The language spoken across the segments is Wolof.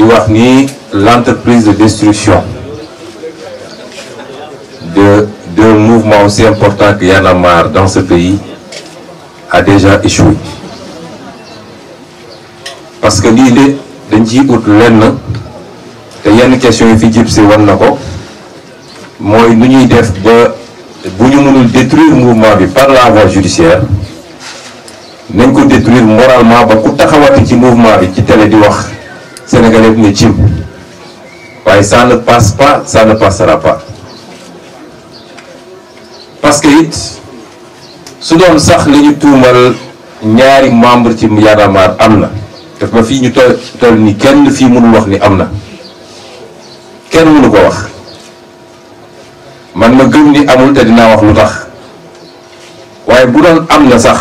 di wax ni l'entreprise de destruction de d'un mouvement aussi important que Y'en a marre dans ce pays a déjà échoué parce que lii de dañ ciy ut lenn te yenn question yi fi jib si na ko mooy nu ñuy def ba bu ñu mënul détruire mouvement bi par la voie judiciaire nañ ko détruire moralement ba ku taxawati ci mouvement bi ci télé di wax sénégalais bu ñu waaye ça ne passe pas ça ne passera parce que it su doon sax li ñu tuumal ñaari membre ci Y am na def ba fii ñu toll ni kenn fii mënul wax ni am na kenn mënu ko wax man ma gëm ni amul te dinaa wax lu tax waaye bu doon am na sax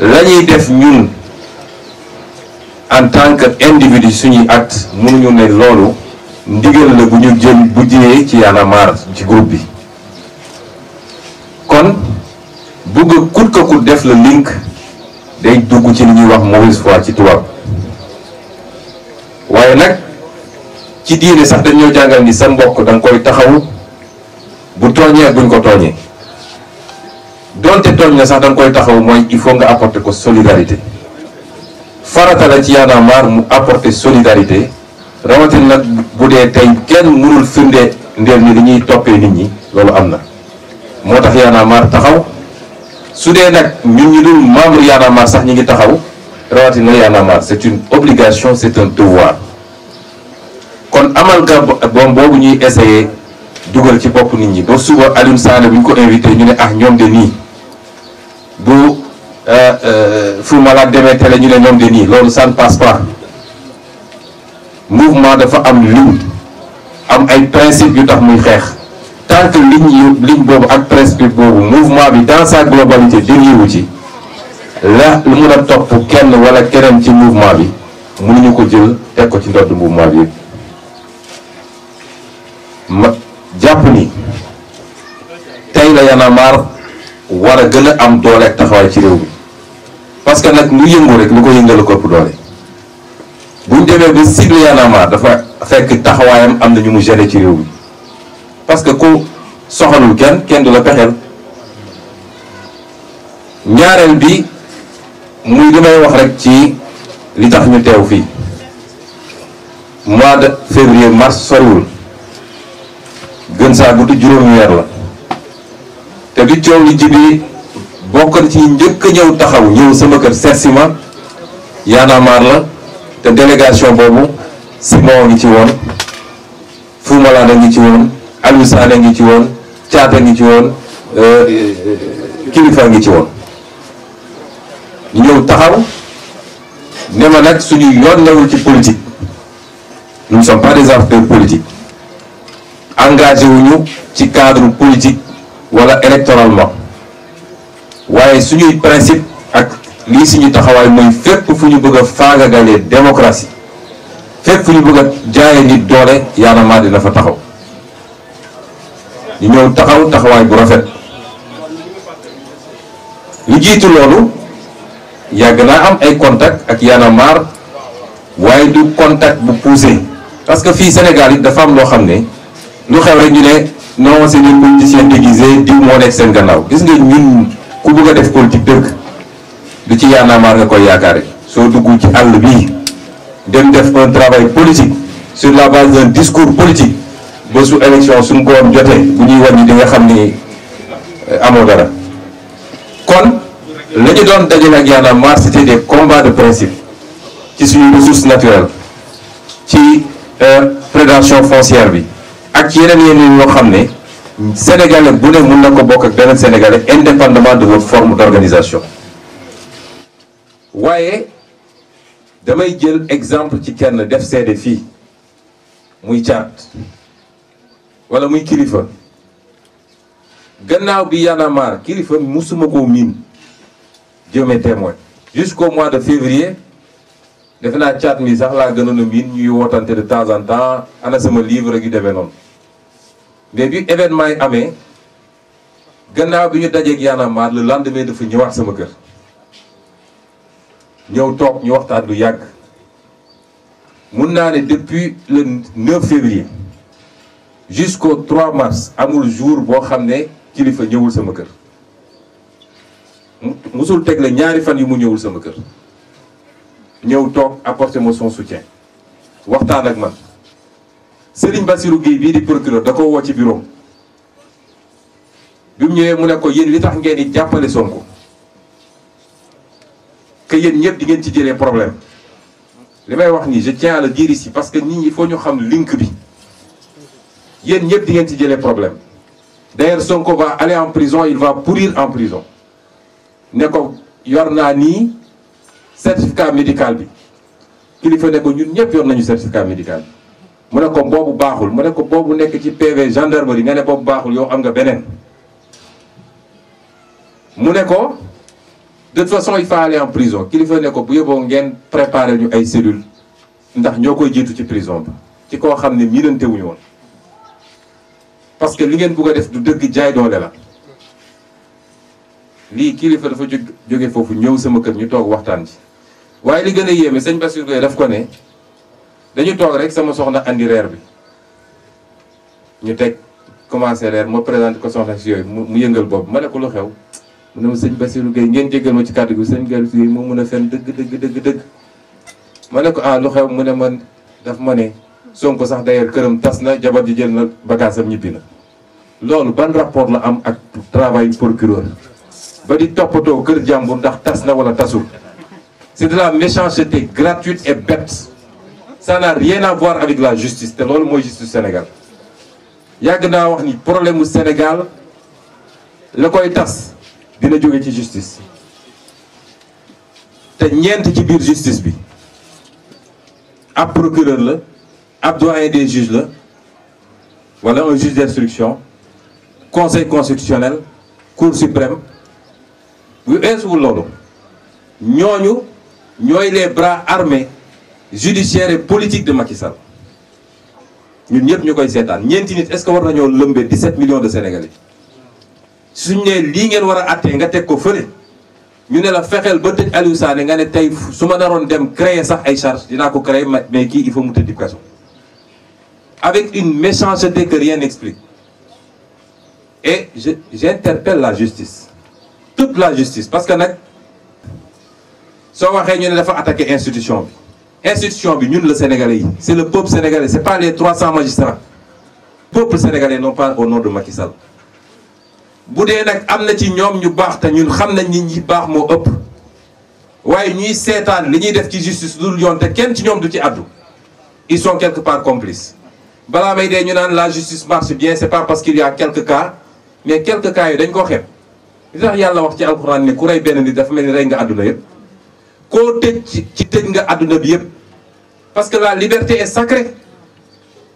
la ñuy def ñun en tant que individu suñuy acte mënuñu ne loolu ndigal la bu ñu jël bu jëlee ci Y'en a ci groupe bi kon bugg a coûte que def la link day dugg ci li ñuy wax mauvaise foi ci tubaab waaye nag ci diine sax dañoo jàngal ni sa mbokk da koy taxawu bu tooñee buñ ko tooñee donte tooñ na sax da koy taxawu mooy il faut nga apporter ko solidarité farata la ci Y en mu apporter solidarité rawatina nag bu dee tey kenn mënul firnde ndeel ni li ñuy toppee nit ñi loolu am na moo tax Y en taxaw su dee nag ñun ñu dul membre Y en a sax ñu ngi taxaw rawatina Y en a marre c'est une obligation c'est un devoir kon amalgame boom boobu ñuy essayer dugal ci bopp nit ñi ba suba Alioune Sane bu ñu ko invité ñu ne ak ah ñoom de nii Euh, Fou Malade demee télé ñu ne ñoom de nii loolu ça ne passe pas mouvement dafa am ligne am ay principe yu tax muy xeex tant que ligne yu ligne boobu ak principe boobu mouvement bi dans sa globalité dériwu ci la lu mun topp kenn wala keneen ci mouvement bi mënuñu ko jël teg ko ci ndodd mouvement bi yëpp jàpp ni tey la Y'en a marre war a gën a am doole ak taxawaay ci réew mi parce que nag lu yëngu rek lu ko yëngala kopp doole buñ demee ba sigle yanama dafa fekk taxawaayam am na ñu mu géré ci réew mi parce que ku soxalul kenn kenn du la pexeel ñaareel bi muy damay wax rek ci li tax ñu teew fii mois de février mars soriwul gën saa gudd juróomi weer la te du coow li jibi bokkoon ci njëkk a ñëw taxaw ñëw sama kër seet si ma la te délégation boobu Simon ngi ci woon fu Fou Malade ngi ci woon Aliou Sané ngi ci woon Thiata ngi ci woon euh, kilifaa ngi ci woon ñëw taxaw ne ma nag suñu yoon newul ci politique nous ne sommes pas des acteurs ci cadre politique wala électoralement waaye suñuy principe ak lii suñuy taxawaay mooy fépp fu ñu bëgg a faagagalee démocratie fépp fu ñu bëgg a jaaye nit doole Y'en a marre dina fa taxaw ñu ñëw taxaw taxawaay bu rafet lu jiitu loolu yàgg naa am ay contact ak Y'en a waaye du contact bu poussé parce que fii Sénégal yi dafa am loo xam ne lu xew rek ñu ne non c'est des politiciens déguisés diw moo nekk seen gannaaw gis nga ñun ku bëgg a def politique dëgg du ci yaanaamaar nga koy yaakaare soo duggu ci àll bii dem def un travail politique sur la base d'un discours politique ba su élection suñ ko woon jotee bu ñuy wàññi di nga xam ni eh, amoo dara kon la doon dajale ak yaanaamaar c'était des combats de principe ci suñu ressource naturelle ci euh, prédation foncière bi ak yeneen yeneen yoo xam ne sénégalais bu ne mën na ko bokk ak beneen sénégalais indépendamment de votre forme d'organisation waaye damay jël exemple ci kenn def seede fii muy caat wala muy kilifa gannaaw bi yanamar kilifa musuma koo miin jëmee témoin jusqu'au mois de février defe naa caat mii sax laa gënoon a miin ñuy wootante de temps en temps ana sama livre gi demee noonu mais bi événement yi amee gannaaw bi ñu dajeeg Y'en a marre dafa ñëwaat sama kër ñëw toog ñu waxtaan lu yàgg mun naa ne depuis le 9 février jusqu'au 3 mars amul jour boo xam ne kilifa ñëwul sama kër musul teg la ñaari fan yi mu ñëwul sama kër ñëw toog apporter ma soutien waxtaan ak man Serigne Bassirou Guèye bii di procureur da ko woo ci bureau bi mu ñëwee mu ne ko yéen li tax ngeen di jàppale Sonko que yéen ñëpp di ngeen ci jëlee problème li may wax nii je tiens à le dire parce que nit ñi faut ñu xam link bi yéen ñëpp ngeen ci jëlee problème d'ailleurs Sonko va aller en prison il va pourrir en prison ne ko yor naa nii certificat médical bi kilifa ne ko ñun ñëpp yor nañu certificat médical bi. mu ne ko boobu baaxul mu ne ko boobu nekk ci PV gendarmerie nga ne boobu baaxul yow am nga beneen mu ne ko de toute façon il faut en prison kilifa ne ko bu yóbboo ngeen préparer ñu ay cellule ndax ñoo koy jiitu ci prison bi ci koo xam ne miinante wuñu woon parce que li ngeen bugg a def du dëgg jaay doole la lii kilifa dafa jóge foofu ñëw sama kër ñu toog waxtaan ji waaye li gën a yéeme sëñ Bassirou Gueye daf ko ne dañu toog rek sama soxna andi reer bi ñu teg commencé reer ma présenté ko soxna si mu yëngal boobu ma ne ko lu xew mu ne ma sëñ Bassirou Gueye ngeen jéggal ma ci kàddu gi sëñ Bassirou a fen dëgg dëgg dëgg dëgg ma ne ko ah lu xew ne man daf ma ne Sonko sax d'ailleurs këram tas na jabar ji jël na bagage am ñibbi na loolu ban rapport la am ak travail procureur ba di toppatoo kër jàmbur ndax tas na wala tasu c'est de la méchanceté gratuite et bête ça n'a rien à avec la justice te loolu mooy justice Sénégal yàgg naa wax ni problème mu Sénégal la koy tas dina jóge ci justice te ñeent ci biir justice bi ab procureur la ab doyen des juges la wala un juge d'instruction conseil constitutionnel cour suprême bu eesuwul loolu ñooñu ñooy les bras armés judiciaire et politique de Macky Sall ñun ñëpp ñu koy seetaan ñeenti nit est-ce que war nañoo lëmbee 17 millions de Sénégalais suñ ne lii ngeen war a àttee nga teg ko fële ñu ne la fexeel ba tëj Aliou Sané nga ne tey su ma daroon dem créer sax ay charge dinaa ko créer mais kii il faut mu tëdd kaso avec une méchanceté que rien n'explique et je j'interpelle la justice toute la justice parce que nag soo waxee ñu ne dafa attaquer institution bi institution bi ñun la sénégalais yi c' est le peuple sénégalais c' est pas les 300 magistrats peuple sénégalais non pas au nom de Macky Sall bu dee nag am na ci ñoom ñu baax te ñun xam nañ nit ñi baax moo ëpp waaye ñuy seetaan li ñuy def ci justice dul yoon te kenn ci ñoom du ci àddu il sont quelque part complices balaa may dee ñu naan la justice marche bien c' pas parce qu'il y a quelques mais quelques cas yi dañ koo xeeb li tax yàlla wax ci alxuraan ne ku rey benn dafa mel ni rey nga àdduna yëpp koo tëj ci tëj nga àdduna bi yëpp parce que la liberté est sacré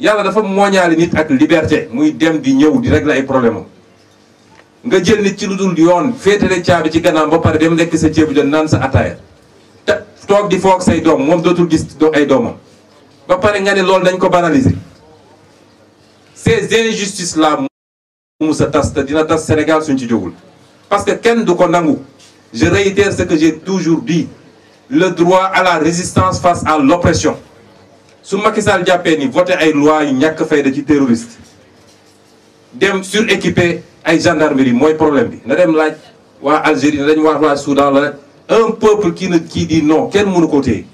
yàlla dafa mooñaale nit ak liberté muy dem di ñëw di la ay problème nga jël nit ci lu dul yoon féetale caabi ci gannaaw ba pare dem lekk sa ceebu jën naan sa ataaya te toog di foog say doom moom dootul gis ay doomam ba pare nga ne loolu dañ ko banaliser ces injustices là mu sa tas dina tas Sénégal suñ ci jógul parce que kenn du ko nangu je réitère ce que j'ai toujours dit le droit à la résistance face à l'oppression su Macky Sall jàppee ni voté ay loi yu ñàkk fayda ci terroriste dem équiper ay gendarmerie mooy problème bi na dem laaj waa Algérie na dañ wax waa Soudan la rek un peuple qui ne qui dit non kenn mënu ko téye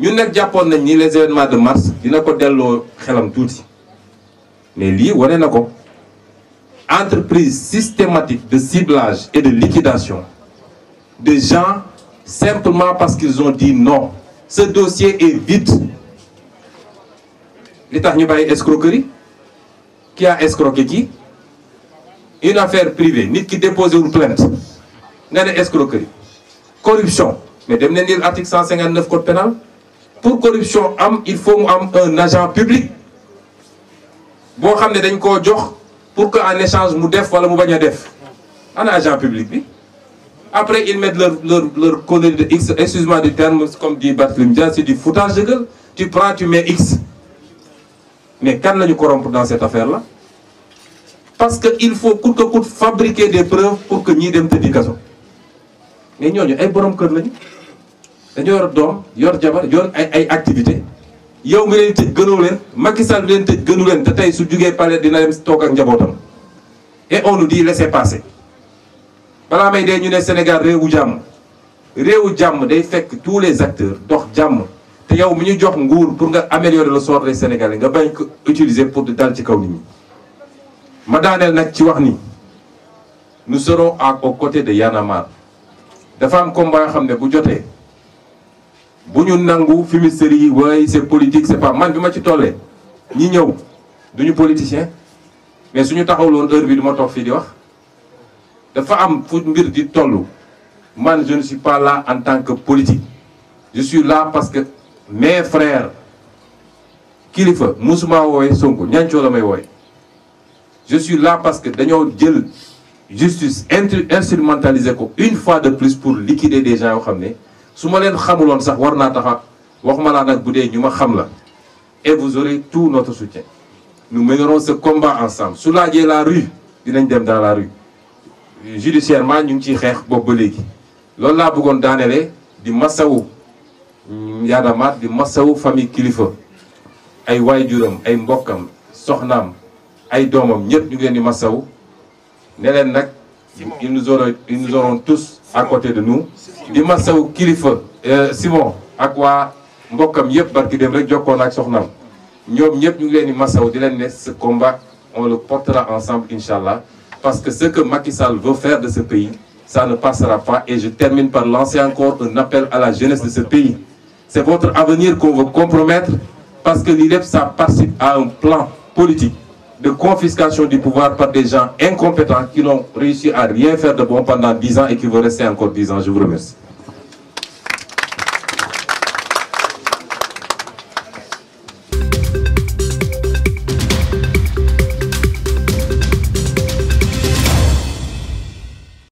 ñun nag jàppoon nañ ni les événements de mars dina ko delloo xelam tuuti mais lii wane na ko entreprise systématique de ciblage et de liquidation de gens simplement parce qu'ils ont dit non ce dossier est vide li tax ñu bàyyi escroquerie ki a escroqué qui une affaire privée nit ki déposé wul plainte nga ne escroquerie corruption mais dem leen lire article 159 code penal pour corruption am il faut mu am un agent public boo xam ne dañ ko jox pour que en échange mu def wala mu bañ a def ana agent public bi Après, ils mettent leur, leur, leur connerie de X, excuse-moi du terme, comme dit Barthelme c'est du foutage de gueule. Tu prends, tu mets X. Mais quand nous corrompre dans affaire-là Parce qu'il faut coûte que coûte fabriquer des preuves pour que nous dem tëddi kaso. Mais ñooñu ay borom kër lañu dañoo yor doom yor jabar yoon ay ay activités yow nga leen tëj gënoo leen Macky Sall leen tëj gënu leen te tey su jugee pare dina dem toog ak njabootam et on di dit laissez passer. balaa may dee ñu ne Sénégal réewu jàmm réewu jàmm day fekk tous les acteurs dox jàmm te yow mu ñu jox nguur pour nga améliorer la sort des Sénégalais nga bañ ko utiliser pour di dal ci kaw nit ñi ma daaneel nag ci wax ni nous serons à côté côtés de Y'en dafa am combat yoo xam ne bu jotee bu ñu nangu fumisterie yi waaye c'est politique c'est pas man bi ma ci tollee ñi ñëw duñu politicien mais suñu taxawloon heure bi du ma toog fii di wax dafa am fu mbir di toll man je ne suis pas là en tant que politique je suis là parce que mes frères kilifa musuma wooy Sonko ñancoo la may wooy je suis là parce que dañoo jël justice instrumentaliser ko une fois de plus pour liquider des gens yoo xam ne su ma leen xamuloon sax war naa wax ma laa nag bu dee ñu ma xam la et vous aurez tout notre soutien nous mènerons ce combat ensemble su laajee la rue dinañ dem dans la rue judiciairement ñu ngi ciy xeex boobu léegi loolu laa bëggoon daanelee di masawu mm, yaadamaat di masawu famille kilifa ay waajuram ay mbokkam soxnaam ay doomam ñëpp ñu ngi leen di masawu ne leen nag ils nous auront ils nous auront tous à côté de nous di masawu kilifa euh, Simon ak waa mbokkam yëpp barki dem rek jokkoon ak soxnaam ñoom ñëpp ñu ngi leen di masawu di leen ne ce combat on le portera ensemble incha allah Parce que ce que Macky Sall veut faire de ce pays, ça ne passera pas. Et je termine par lancer encore un appel à la jeunesse de ce pays. C'est votre avenir qu'on veut compromettre parce que l'IREP, ça participe à un plan politique de confiscation du pouvoir par des gens incompétents qui n'ont réussi à rien faire de bon pendant 10 ans et qui vont rester encore 10 ans. Je vous remercie.